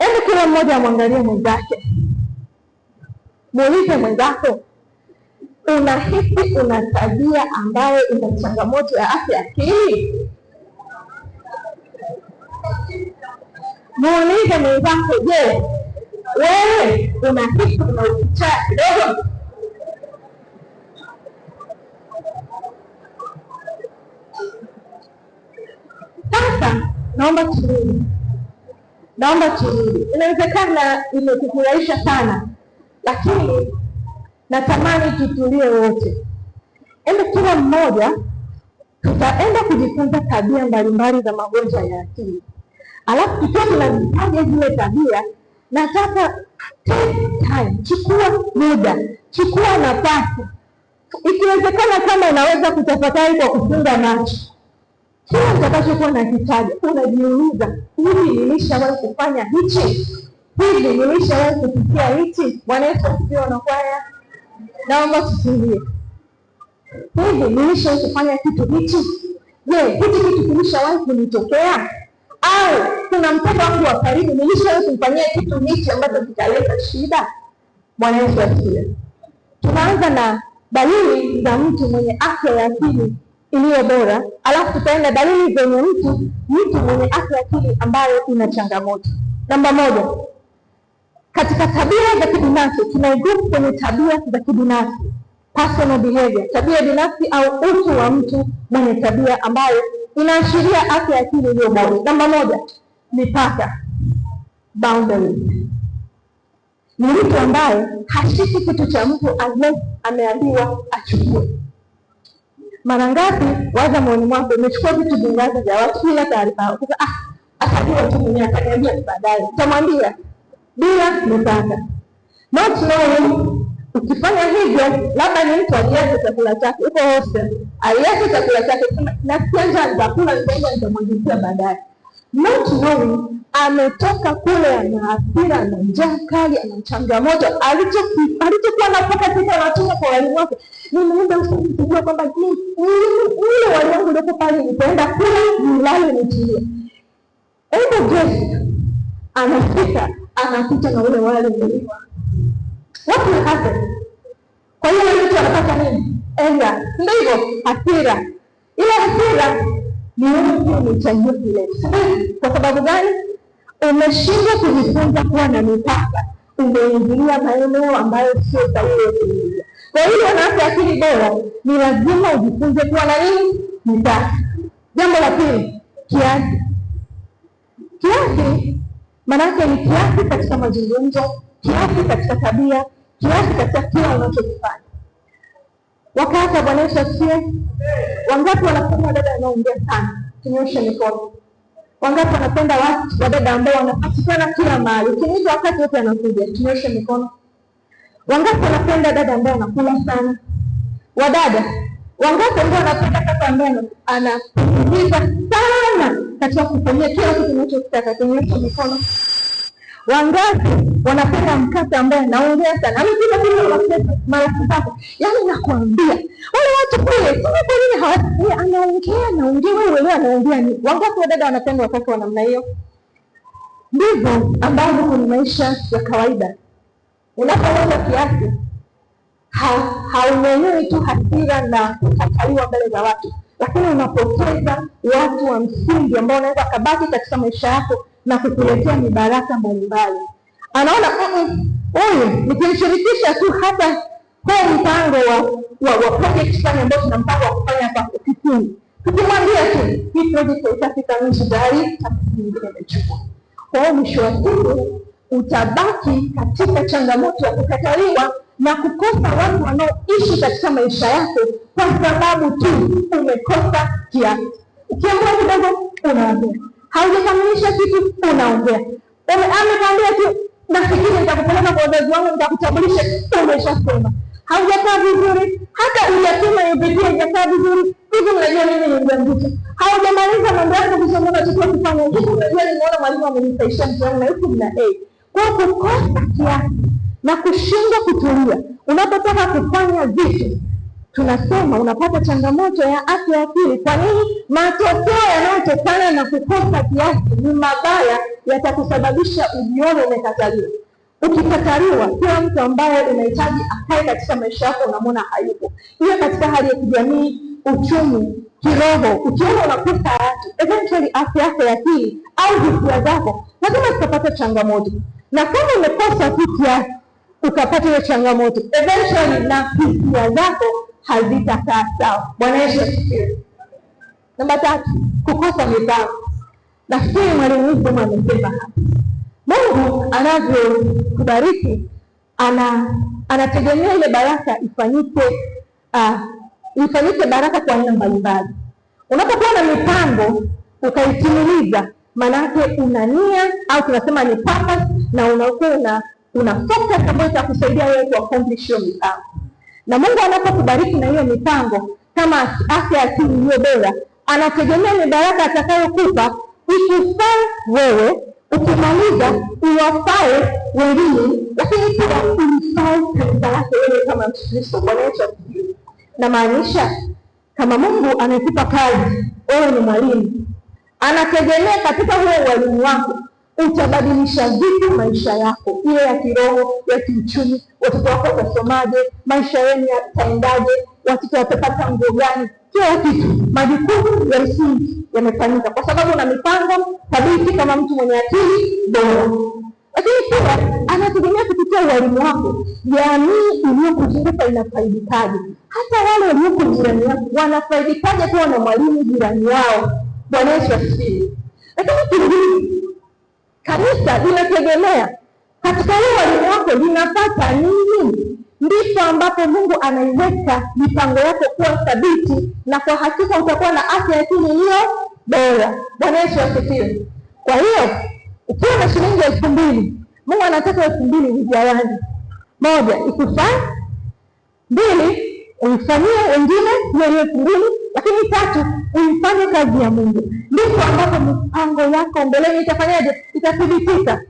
Hebu yaani kila mmoja amwangalie mwenzake, muulize mwenzako, unahisi una tabia ambayo ina changamoto ya afya akili? Muulize mwenzako, je, wewe unahisi una ukichaa kidogo? Sasa naomba turudi naomba turudi. Inawezekana imekufurahisha sana, lakini natamani tutulie wote, ende kila mmoja tutaenda kujifunza tabia mbalimbali za magonjwa ya akili, alafu tukiwa tunazitaja zile tabia, nataka time, chukua muda, chukua nafasi, ikiwezekana, kama unaweza kutafakari kwa kufunga macho kila na hitaji unajiuliza, hivi nilishawahi kufanya hichi? Hivi nilishawahi kupitia hichi? Bwana Yesu asifiwe. kwaya, naomba tutulie. Hivi nilishawahi kufanya kitu hichi? Je, hichi kitu kilishawahi kunitokea? Au kuna mtoto wangu wa karibu nilishawahi kumfanyia kitu hichi ambacho kitaleta shida? Bwana Yesu asifiwe. Tunaanza na dalili za mtu mwenye afya ya akili iliyo bora, alafu tutaenda dalili zenye mtu mtu mwenye afya ya akili ambayo ina changamoto. Namba moja, katika tabia za kibinafsi tunaigrupu kwenye tabia za kibinafsi personal behavior, tabia binafsi au utu wa mtu mwenye tabia ambayo inaashiria afya ya akili iliyo bora. Namba moja, mipaka boundaries ni mtu ambaye hashiki kitu cha mtu unless ameambiwa achukue. Mara ngapi waza moyoni mwako, umechukua vitu vingapi vya watu bila taarifa? Ah, atajua tu mwenyewe, ataniambia baadaye, utamwambia bila mipaka, not knowing. Ukifanya hivyo, labda ni mtu aliacha chakula chake, uko hostel, aliacha chakula chake, nasikia njaa, nitakula, nitaenda, baadaye, not knowing ametoka kule, ana hasira, na njaa kali, ana changamoto alichokuwa napaka siku anatoka kwa walimu wake. Nimeenda usiku kujua kwamba ule walimu wangu ulioko pale, nitaenda kule nilale nitulie. Ebu Grace anafika anakuta na ule wale mliwa what will Kwa hiyo mtu anapata nini? Enda ndio hivyo, hasira. Ile hasira ni uu, ni changia kile. Kwa sababu gani? Umeshindwa kujifunza kuwa na mipaka, umeingilia maeneo ambayo sio sahihi kuingilia. Kwa hiyo wanawake akili bora ni lazima ujifunze kuwa na nini, mipaka. Jambo la pili, kiasi. Kiasi maanake ni kiasi katika mazungumzo, kiasi katika tabia, kiasi katika kila unachokifanya. Wakaka Bwana Yesu asifiwe. Wangapi wanafahamu dada anaongea sana? Tunyoshe mikono. Wangapi wanapenda watu wadada ambao wanapatikana kila mahali, ukiniita wakati wote anakuja, tunaosha mikono. Wangapi wanapenda dada ambaye anakula sana? Wadada wangapi ambao wanapenda kaka ambaye anapumzika sana katika kufanyia kila kitu kinachokitaka tunaosha mikono. Wangapi wanapenda mkate ambaye anaongea sana, amepika mara kitatu? Yaani nakwambia wale watu kule, sijui kwa nini hawasikia, anaongea anaongea, wewe wewe anaongea ni Wangapi wadada wanapenda watoto wa namna hiyo? Ndivyo ambavyo kwenye maisha ya kawaida unapoona kiasi haumenyei tu hasira na kukataliwa mbele za watu, lakini unapoteza watu wa msingi ambao unaweza kabaki katika maisha yako na kukuletea mibaraka mbalimbali. Anaona kama huyu nikimshirikisha tu hata huu mpango wa wa wa project fulani ambao tuna mpango wa kufanya kwa kikundi, tukimwambia tu hii project itafika nusu tayari taasisi nyingine imechukua. Kwa hiyo mwisho wa siku utabaki katika changamoto ya kukataliwa na kukosa watu wanaoishi katika maisha yako kwa sababu tu umekosa kiasi. Ukiambiwa kidogo unaambiwa haujakamilisha kitu unaongea. Amekwambia tu nafikiri nitakupeleka kwa wazazi wangu, nitakutambulisha, umeshasema. Haujakaa vizuri, hata ujasema UPT haijakaa vizuri. Hivi mnajua mimi ni mjamzito, haujamaliza mambo yako kusoma, unatakiwa kufanya hivi. Mnajua nimeona mwalimu amenisaisha mtihani na huku mna a kwa kukosa kiasi na kushindwa kutulia unapotaka kufanya vitu tunasema unapata changamoto ya afya ya akili. Kwa nini? Matokeo yanayotokana na kukosa kiasi ni mabaya, yatakusababisha ujione umekataliwa. Ukikataliwa, kila mtu ambaye unahitaji akae katika maisha yako unamwona hayupo, hiyo katika hali ya kijamii, uchumi, kiroho. Ukiona unakosa watu, eventually afya yako ya akili au hisia zako lazima zitapata changamoto, na kama umekosa tu kiasi ukapata hiyo changamoto eventually na hisia zako hazitakaa sawa. Bwana Yesu asifiwe. Namba tatu, kukosa mipango. Nafikiri mwalimu Wisdomu amesema hapa, Mungu anavyokubariki ana anategemea ile baraka ifanyike uh, ifanyike baraka kwa aina mbalimbali. Unapokuwa na mipango ukaitimiliza, maana yake una nia au tunasema ni purpose, na unakuwa una una focus ambayo itakusaidia wewe kuaccomplish hiyo mipango na Mungu anapokubariki na hiyo mipango kama afya ya akili iliyo bora, anategemea ni baraka atakayokupa ikufaa wewe, ukimaliza uwafae wengine, lakini pia ulifae kanisa lake wewe kama Mkristo. Bwana wetu asifiwe. Namaanisha kama Mungu amekupa kazi, wewe ni mwalimu, anategemea katika huo ualimu wako utabadilisha vipi maisha yako, iwe ya kiroho, ya kiuchumi? Watoto wako watasomaje? maisha yenu yataendaje? watoto watapata nguo gani? Kila kitu, majukumu ya msingi yamefanyika, kwa sababu na mipango thabiti kama mtu mwenye akili bora. Lakini pia anategemea kupitia ualimu wako, jamii iliyokuzunguka inafaidikaje? Hata wale walioko jirani yako wanafaidikaje kuwa na mwalimu jirani yao? Bwana Yesu asifiwe. Lakini kingine Kanisa linategemea katika hiyo walimu wako linapata nini? Ndipo ambapo Mungu anaiweka mipango yako kuwa thabiti, na kwa hakika utakuwa na afya ya akili iliyo bora. Bwana Yesu asifiwe. Kwa hiyo ukiwa na shilingi elfu mbili Mungu anataka elfu mbili ujawani, moja ikufaa, mbili uifanyie wengine hiyo hiyo elfu mbili, lakini tatu uifanye kazi ya Mungu. Ndipo ambapo mipango yako mbeleni itafanyaje? kitathibitika.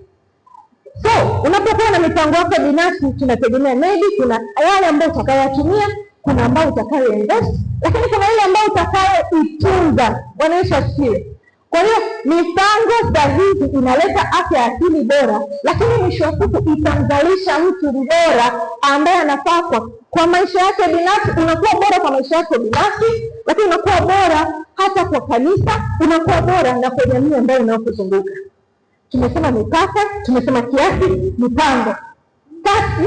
So unapokuwa na mipango yako binafsi, tunategemea maybe kuna yale ambayo utakayoyatumia, kuna ambayo utakayoinvest, lakini kuna ile ambayo utakayoitunza. Wananchi wasikie. Kwa hiyo mipango sahihi inaleta afya ya akili bora, lakini mwisho wa siku itamzalisha mtu bora ambaye anafaa kwa kwa maisha yake binafsi. Unakuwa bora kwa maisha yake binafsi, lakini unakuwa bora hata kwa kanisa, unakuwa bora na kwa jamii ambayo inayokuzunguka tumesema mipaka, tumesema kiasi, mipango.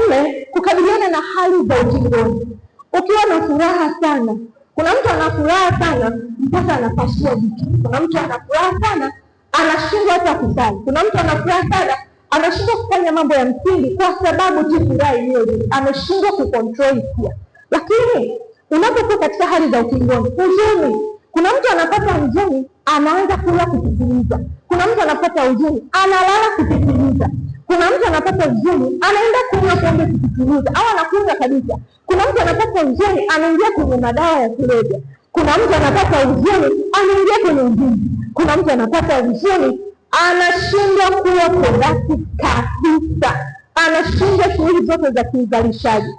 Nne, kukabiliana na hali za ukingoni. Ukiwa na furaha sana, kuna mtu ana furaha sana mpaka anapashia vitu. Kuna mtu ana furaha sana anashindwa hata kusali. Kuna mtu ana furaha sana anashindwa kufanya mambo ya msingi kwa sababu tu furaha yenyewe, ameshindwa kucontrol pia. Lakini unapokuwa katika hali za ukingoni, huzuni, kuna mtu anapata huzuni, anaanza kula kupitiliza kuna mtu anapata huzuni analala kupitiliza. Kuna mtu anapata huzuni anaenda kunywa pombe kupitiliza, au anakunywa kabisa. Kuna mtu anapata huzuni anaingia kwenye madawa ya kulevya. Kuna mtu anapata huzuni anaingia kwenye uzinzi. Kuna mtu anapata huzuni anashindwa kuwa productive kabisa, anashindwa shughuli zote za kiuzalishaji.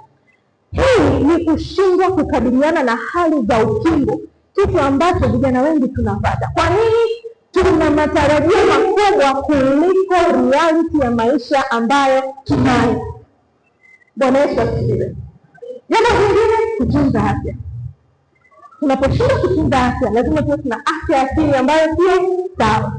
Hii ni kushindwa kukabiliana na hali za ukingo, kitu ambacho vijana wengi tunapata. Kwa nini? tuna matarajio makubwa kuliko reality ya maisha ambayo tunayo. Bwana Yesu asifiwe. Jambo lingine, kutunza afya. Tunaposhinda kutunza afya, lazima tuwe tuna afya asili ambayo sio sawa.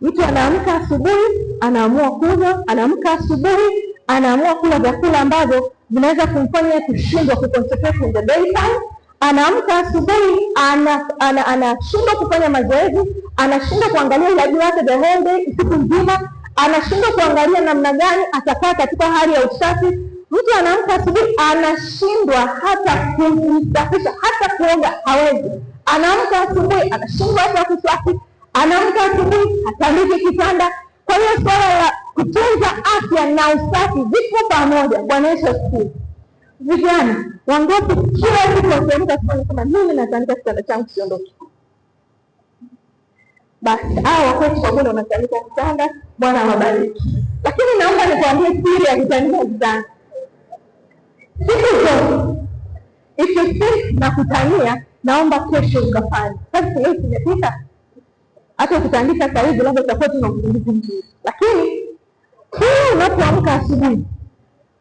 Mtu anaamka asubuhi, anaamua kunywa, anaamka asubuhi, anaamua kula vyakula ambavyo vinaweza kumfanya kushindwa kuconcentrate in the daytime anaamka asubuhi anashindwa ana, ana, ana, kufanya mazoezi anashindwa kuangalia ulaji wake the whole day, siku nzima, anashindwa kuangalia namna gani atakaa katika hali ya usafi. Mtu anaamka asubuhi, anashindwa hata kujisafisha, hata kuoga hawezi. Anaamka asubuhi, anashindwa hata kuswaki, anaamka asubuhi, hatandiki kitanda. Kwa hiyo suala la kutunza afya na usafi vipo pamoja. Bwana Yesu asifiwe. Vijana wangapi kila siku wakiamka kufanya kama mimi natandika kitanda changu kisiondoke basi au wakwetu kwa wametandika kitanda, Bwana wabariki Lakini naomba nikwambie siri ya kutandika kitanda. Siku zote ikisii na kutania, naomba kesho ukafanye kazi. Leo imepita, hata ukitandika sasa hivi, labda utakuwa tuna usingizi mzuri, lakini kila unapoamka asubuhi,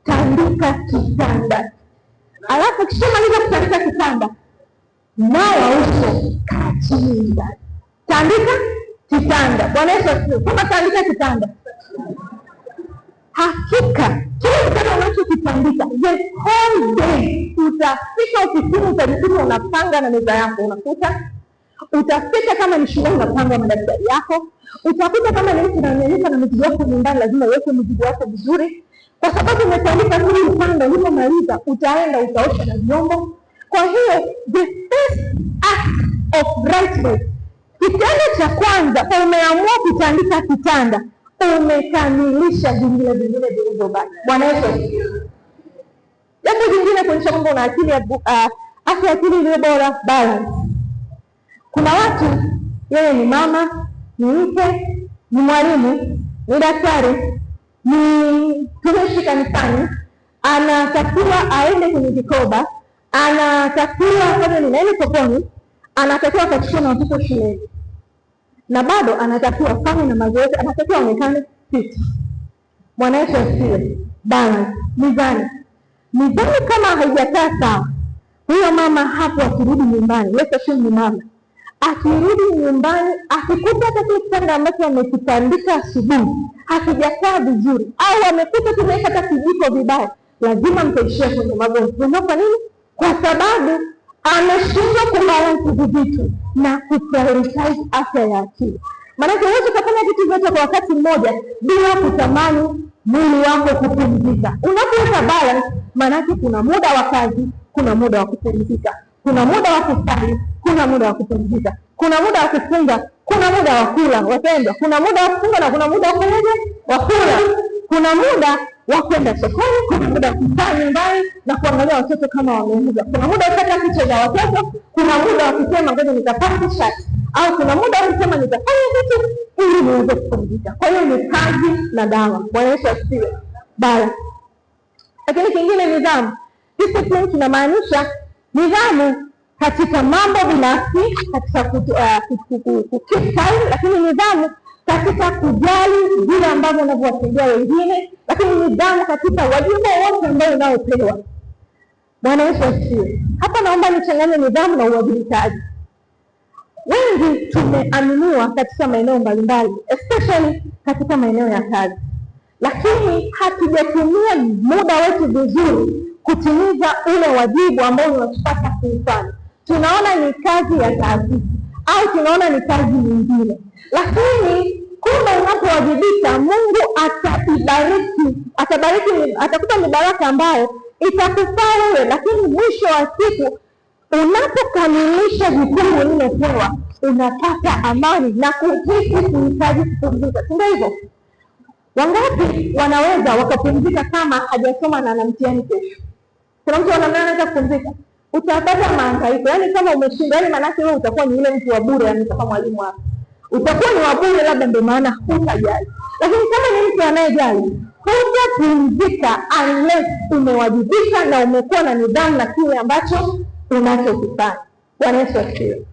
tandika kitanda, alafu kishamaliza kutandika kitanda, nawa uso kachini ndani Tandika kitanda. Bwana Yesu asifiwe. Kama tandika kitanda, hakika kile kitanda unachokitandika the whole day, utafika ofisini, utajikuta unapanga na meza yako unakuta utafika kama ni shule unapanga madaftari yako, utakuta kama ni mtu unanyanyuka na mizigo yako nyumbani, lazima uweke mizigo yako vizuri, kwa sababu umetandika zuri upanga. Ulipomaliza utaenda utaosha na vyombo. Kwa hiyo the first act of righteousness Kitendo cha kwanza umeamua kutandika kitanda, umekamilisha vingine vingine vilivyobaki. Bwana Yesu Jambo jingine kuonyesha kwamba una akili ah, afya, akili iliyo bora, balance. Kuna watu yeye ni mama, ni mke, ni mwalimu, ni daktari, ni tumishi kanisani, anatakiwa aende kwenye vikoba, anatakiwa kwenye nini yaani sokoni, anatakiwa akachukue na watoto shuleni na bado anatakiwa fanye na mazoezi, anatakiwa aonekane fit, mwanaisha asiwe balance, mizani mizani kama haijakaa sawa, huyo mama hapo akirudi nyumbani, ni mama akirudi nyumbani akikuta hata kile kitanda ambacho amekitandika asubuhi hakijakaa vizuri, au amekuta tumeweka hata kijiko vibaya, lazima mtaishia kwenye mazoezi. Kwa nini? Kwa sababu ameshindwa kubalansi hivi vitu na kuprioritize afya ya akili. Maanake huwezi ukafanya vitu vyote kwa wakati mmoja bila kutamani mwili wako kupumzika. Unapoweka balance, maanake kuna muda wa kazi, kuna muda wa kupumzika, kuna muda wa kustari, kuna muda wa kupumzika, kuna muda wa kufunga, kuna muda wa kula. Wapendwa, kuna muda wa kufunga na kuna muda wa kufanyaje, wa kula, kuna muda wakwenda sokoni, kuna muda kukaa nyumbani na kuangalia watoto kama wameuza, kuna muda kata picha za watoto, kuna muda kusema ngoja nitapata shati, au kuna muda kusema nitafanya kitu ili niweze kupumzika. Kwa hiyo ni kazi na dawa. Bwana Yesu asifiwe. Bala. Lakini kingine nidhamu. Discipline tunamaanisha nidhamu katika mambo binafsi, katika kukeep time, lakini nidhamu katika kujali vile ambavyo unavyowasaidia wengine, lakini nidhamu katika wajibu wote ambao unaopewa. Bwana Yesu asifiwe. Hapa naomba nichanganye nidhamu na uwajibikaji. Wengi tumeaminiwa katika maeneo mbalimbali, especially katika maeneo ya kazi, lakini hatujatumia muda wetu vizuri kutimiza ule wajibu ambao unatupasa kuufanya. Tunaona ni kazi ya taasisi au tunaona ni kazi nyingine, lakini kumbe unapowajibika Mungu atakubariki, atabariki, atakupa mibaraka ambayo itakufaa wewe, lakini mwisho wa siku unapokamilisha jukumu lililopewa unapata amani na kuhisi kuhitaji kupumzika, si ndio hivyo? Wangapi wanaweza wakapumzika kama hajasoma na ana mtihani kesho? Kuna mtu anaweza kupumzika, utapata mahangaiko, yaani kama umeshinda, yaani maanake wewe utakuwa ni ule mtu wa bure, yaani utakuwa mwalimu wako utakuwa ni wabure, labda ndio maana hutajali. Lakini kama ni mtu anayejali, hutapumzika unless umewajibika na umekuwa na nidhamu na kile ambacho unachokifanya. Bwana Yesu asifiwe.